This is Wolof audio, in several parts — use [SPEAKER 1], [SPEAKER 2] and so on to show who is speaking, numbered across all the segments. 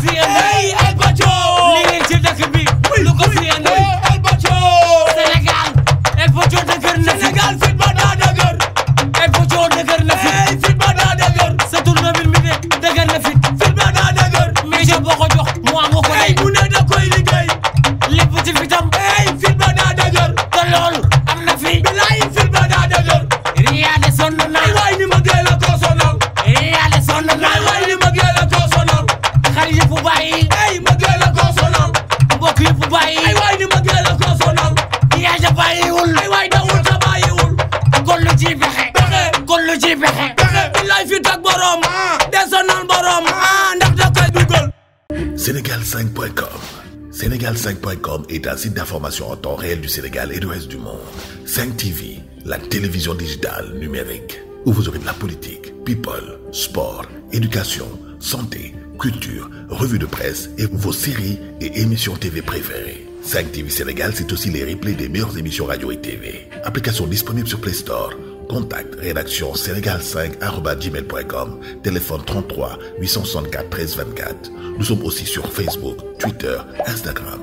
[SPEAKER 1] vizinha, né? Ah. Ah,
[SPEAKER 2] sénégal5.com sénégal5.com est un site d'information en temps réel du Sénégal et du reste du monde 5 TV la télévision digitale numérique où vous aurez de la politique people sport éducation santé culture, revues de presse et vos séries et émissions TV préférées. 5 TV Sénégal, c'est aussi les replays des meilleures émissions radio et TV. Application disponible sur Play Store. Contact rédaction sénégal @gmail.com. téléphone 33 864 13 24. Nous sommes aussi sur Facebook, Twitter, Instagram.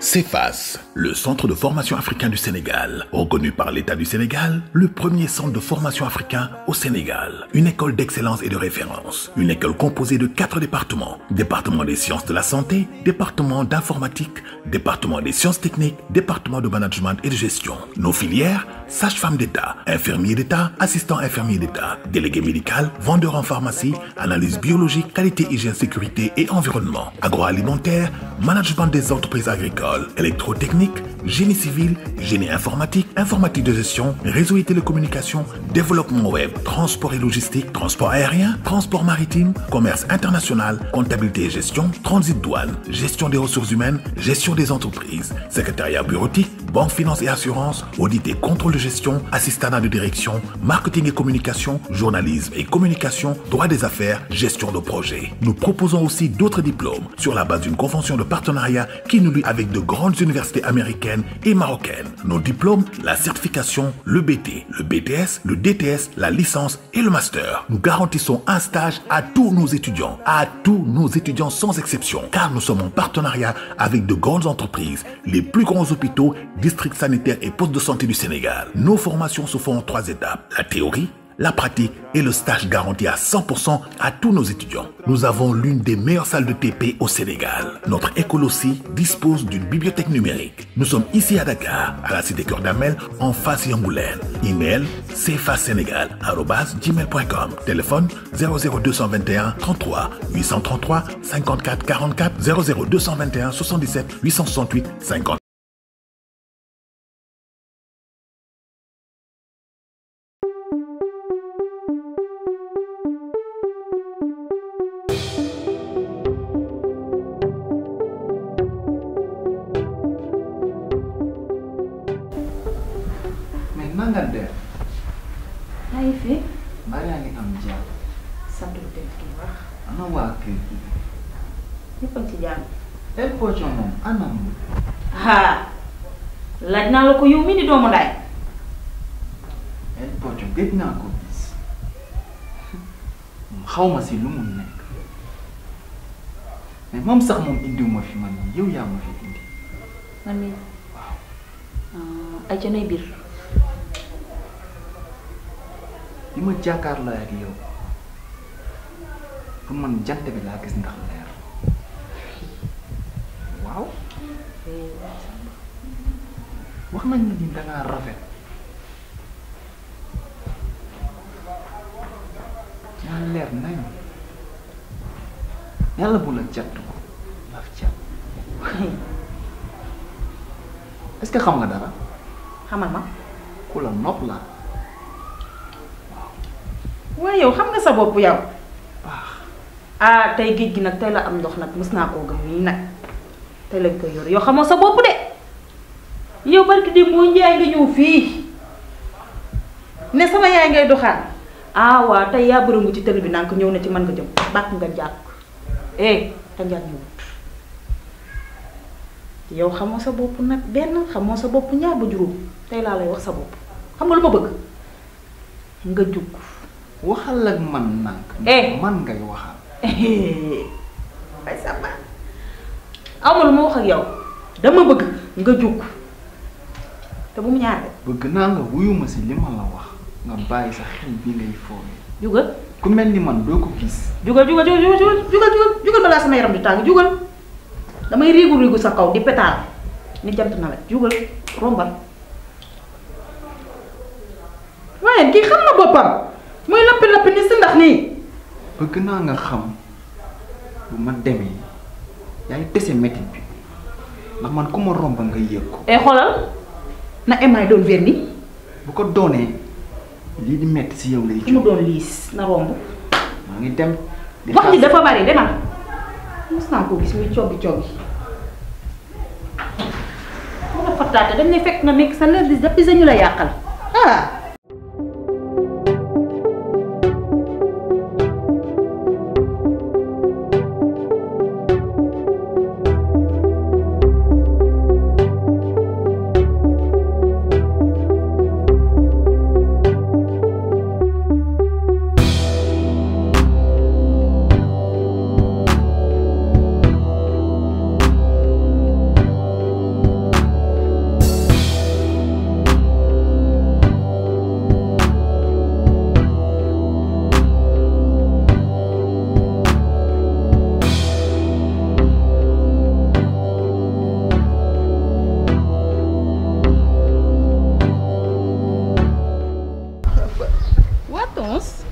[SPEAKER 2] C'est face. Le Centre de formation africain du Sénégal, reconnu par l'État du Sénégal, le premier centre de formation africain au Sénégal, une école d'excellence et de référence, une école composée de quatre départements, département des sciences de la santé, département d'informatique, département des sciences techniques, département de management et de gestion. Nos filières, sage-femme d'État, infirmier d'État, assistant infirmier d'État, délégué médical, vendeur en pharmacie, analyse biologique, qualité, hygiène, sécurité et environnement, agroalimentaire, management des entreprises agricoles, électrotechnique, génie civil, génie informatique, informatique de gestion, réseau et télécommunications, développement web, transport et logistique, transport aérien, transport maritime, commerce international, comptabilité et gestion, transit douane, gestion des ressources humaines, gestion des entreprises, secrétariat bureautique, banque finance et assurance, audit et contrôle de gestion, assistante de direction, marketing et communication, journalisme et communication, droit des affaires, gestion de projet. Nous proposons aussi d'autres diplômes sur la base d'une convention de partenariat qui nous lie avec de grandes universités américaine et marocaine. Nos diplômes, la certification, le BT, le BTS, le DTS, la licence et le master. Nous garantissons un stage à tous nos étudiants, à tous nos étudiants sans exception, car nous sommes en partenariat avec de grandes entreprises, les plus grands hôpitaux, districts sanitaires et postes de santé du Sénégal. Nos formations se font en trois étapes. La théorie, la pratique et le stage garantis à 100% à tous nos étudiants. Nous avons l'une des meilleures salles de TP au Sénégal. Notre école aussi dispose d'une bibliothèque numérique. Nous sommes ici à Dakar, à la cité Cœur d'Amel, en face Yangoulène. Email cfasénégal.com. Téléphone 00221 33 833 54 44 00221 77 868 50.
[SPEAKER 1] yëfee. mbaa yaa ngi am jàmm. sant bu tëj kii wax. ana waa kër gi.
[SPEAKER 3] ñëpp a ngi ci jàmm. El Potion moom anam. laaj naa la ko yow mi di doomu ndaay.
[SPEAKER 1] El Potion gëj naa ko gis xaw ma si lu mu nekk mais moom sax moom indiwuma fi man yow yaa ma fi indi.
[SPEAKER 3] man mii waaw. Ah, ay ca
[SPEAKER 1] li ma jàkkaar la ak yow pour man jant bi laa gis ndax leer waaw wax nañ ni dangaa rafet yaa leer nañ yàlla bu la jàtt ko laf jàtt est que xam nga dara xamal ma ku la nopp laa
[SPEAKER 3] way yow xam nga sa bop yow ah tay geej gi nak tay la am ndox nak musna ko gam ni nak tay Yo lañ ko yor yow xamoo sa bop de yow barki di mo ñay nga ñëw fi ne sama yaay ngay doxaan ah waaw ya ya bërëngu ci teul bi nak ñew na ci man nga jëm bak nga jaak eh ta jaak ñu yow xamoo sa bop nak ben xamoo sa bop ñaar bu juróom tay la lay
[SPEAKER 1] wax sa bop xam nga lu bëgg nga wahal ak man eh. man wahal eh
[SPEAKER 3] ay sama amul mo wax ak yow
[SPEAKER 1] dama bëgg nga juk te bu mu ñaar bëgg na nga wuyuma ci lima la wax nga bayyi sa xel bi ngay foowee jugal ku melni man do ko gis jugal jugal jugal jugal jugal jugal bala sama yaram di tang jugal
[SPEAKER 3] damay rigu rigu sa kaw di pétal ni jant na la jugal rombal waaye ki xam na bopam moy lappi lappi ni si ndax nii
[SPEAKER 1] bëgg naa nga xam bu ma démé yaay tessé métit bi ndax man kuma romba nga yékk ko e xoolal na émay doon weer bu ko doonee li di metti ci yow lay jóg mu doon lis na romb ma ngi dem wax ni dafa bari demal
[SPEAKER 3] musna ko gis muy coggi coggi mu la fattaate dañ ne fekk nga nekk sa lërdis depuis ñu la yàqal ah vacances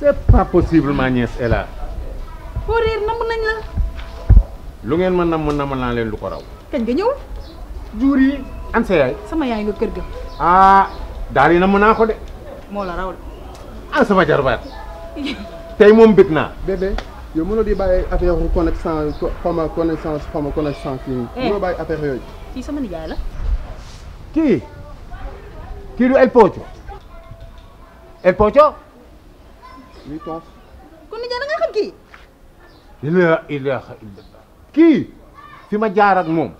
[SPEAKER 2] c'est pas possible ma nièce est là
[SPEAKER 3] horaire nam nañ la
[SPEAKER 2] lu ngeen ma nam nam lu ko raw nga ñew an sa yaay
[SPEAKER 3] sama yaay nga kër ga
[SPEAKER 2] ah dari yi nam naa ko de moo la raw ah sama
[SPEAKER 1] bébé yow di bàyyi affaire connaissance xawma connaissance xawma connaissance yi eh. mënoo bàyyi affaire yooyu kii sama nijaay la kii
[SPEAKER 2] kii du El Pocho El eh, Pocho. muy toos.
[SPEAKER 3] kon nijaay da nga xam kii.
[SPEAKER 2] li la ilaha illallah kii fi ma jaar ak moom.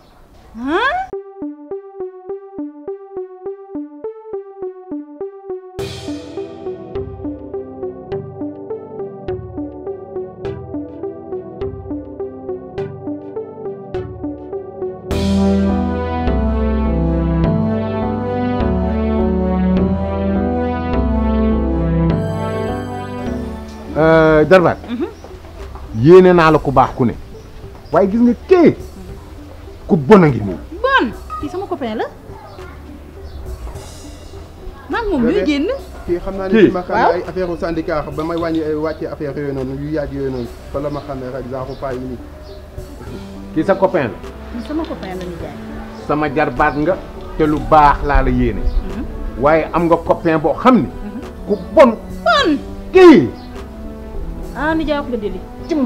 [SPEAKER 2] jarbaat mhm. yéene naa la ku baax ku ne waaye gis nga kii ku bon a ngi nii
[SPEAKER 3] bon kii sama copain la naa ne
[SPEAKER 1] si ba may wàññi ay wàcce yu yàgg yooyu noonu ma xamee rek genre pas yi nii
[SPEAKER 2] kii sa sama jarbaat nga te lu baax laa la yéene mhm. waaye am nga copain boo xam ne mhm. ku bon bon kii
[SPEAKER 3] ah nijaay wax nga dëgg cim.